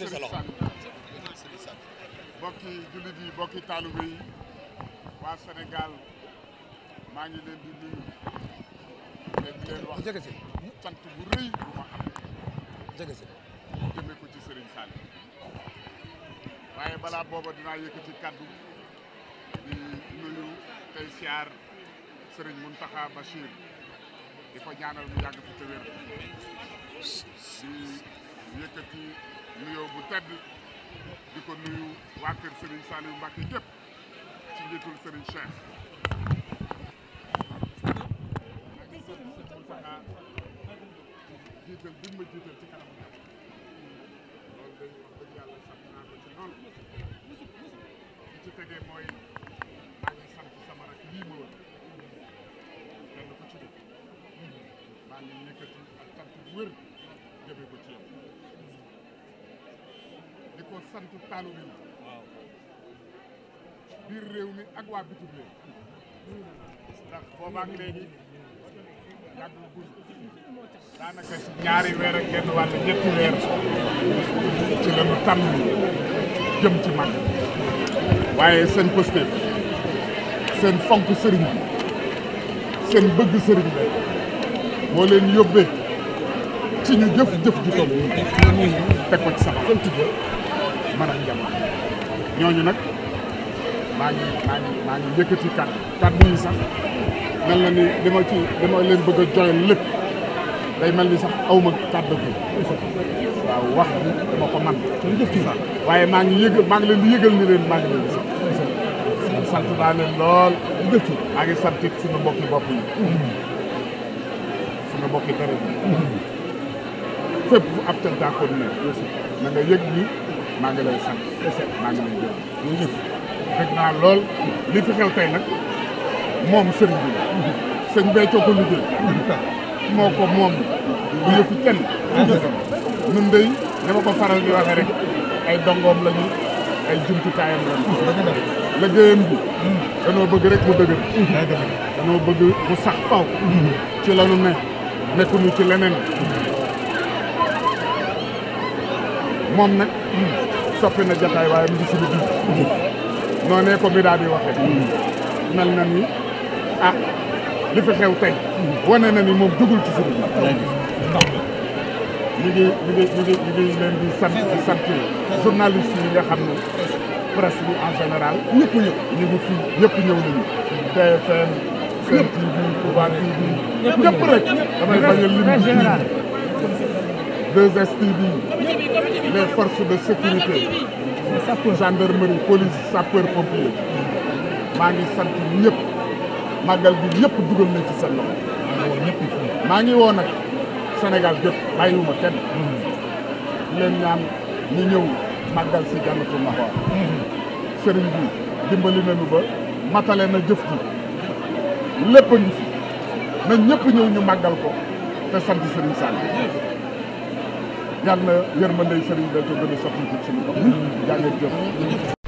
yëkkati sa loxo bokki jullit yi bokki taalibe waa Sénégal maa ngi leen di nuyu te di leen wax sant bu rëy bu ma am jëme ko ci Serigne Saliou waaye balaa booba dinaa yëkkati kaddu di nuyu tey siyaar Serigne Mountakha Bachir di ko ñaanal mu yàgg fi te yëkkati nuyoo bu tedd di ko nuyu waa kër Serigne Saliou Mbacké yëpp ci njiitul Serigne Cheikh jiital bi ci kanam loolu day wax yàlla sant naa ko ci lool li ci tegee mooy maa sant sama rak lii ma wër jëmee ko sant taalu bi biir réew mi ak waa bitim réew ndax boobaa ak léegi daanaka ñaari weer ak genn wàll ñetti weer ci lañu tàmm jëm ci mag waaye seen posté seen fonk sëriñ seen bëgg sëriñ bi moo leen yóbbee ci ñu jëf jëf ju toll nii ci sama xol a njaboot ñooñu nag maa ngi maa ngi maa ngi yëkkati kàddu kàddu yi sax mel na ni dama ci dama leen bëgg a joyal lépp day mel ni sax aw ma kàddu gi waaw wax bi ko man waaye maa ngi yëgal maa ngi leen di yëgal ni leen maa ngi leen di sax sant naa leen lool maa ngi sant it suñu mbokki bopp yi suñu mbokki tere bi fépp fu ab cantaakon ne na nga yëg ni maa lool li fi xew tey nag moom sëñ bi sëñ ko liggéey moo ko moom bu yëfi kenn nun day dama ko faral di waxee rek ay dongoom lañu ay jumtukaayam lañu liggéeyam bi hmm. danoo bëgg rek mu dëgër danoo bëgg mu sax hmm. ci lanu ne ci leneen moom nag soppi na jataay waaye mu ngi suñu biir noonee ko bi daal di waxee mel na ni ah, li fi xew tey wane na ni moom dugul ci suñu biir ñu ngi ñu ngi ñu ngi ñu ngi leen di sant di sant journaliste yi nga xam ne presse bi en général. ñu ngi fi ñëpp ñëw nañu. TFM. Sen TV Touba TV. 2STV les force de sécurité gendarmerie police sapeur pompier maa ngi sant ñëpp màggal bi ñëpp dugal nañ ci seen loxo maa ngi woo nag senegal gépp bàyyiwuma kenn leen ñaan ñu ñëw màggal si Jannatul Mahwa sëriñ bi dimbali nañu ba matale na jëf ji lépp a fi na ñëpp ñëw ñu màggal ko te sant sëriñ Sall yàlla na yërmande sëriñ bi da ko gën a sotti ci suñu bopp jaa ngeen jëf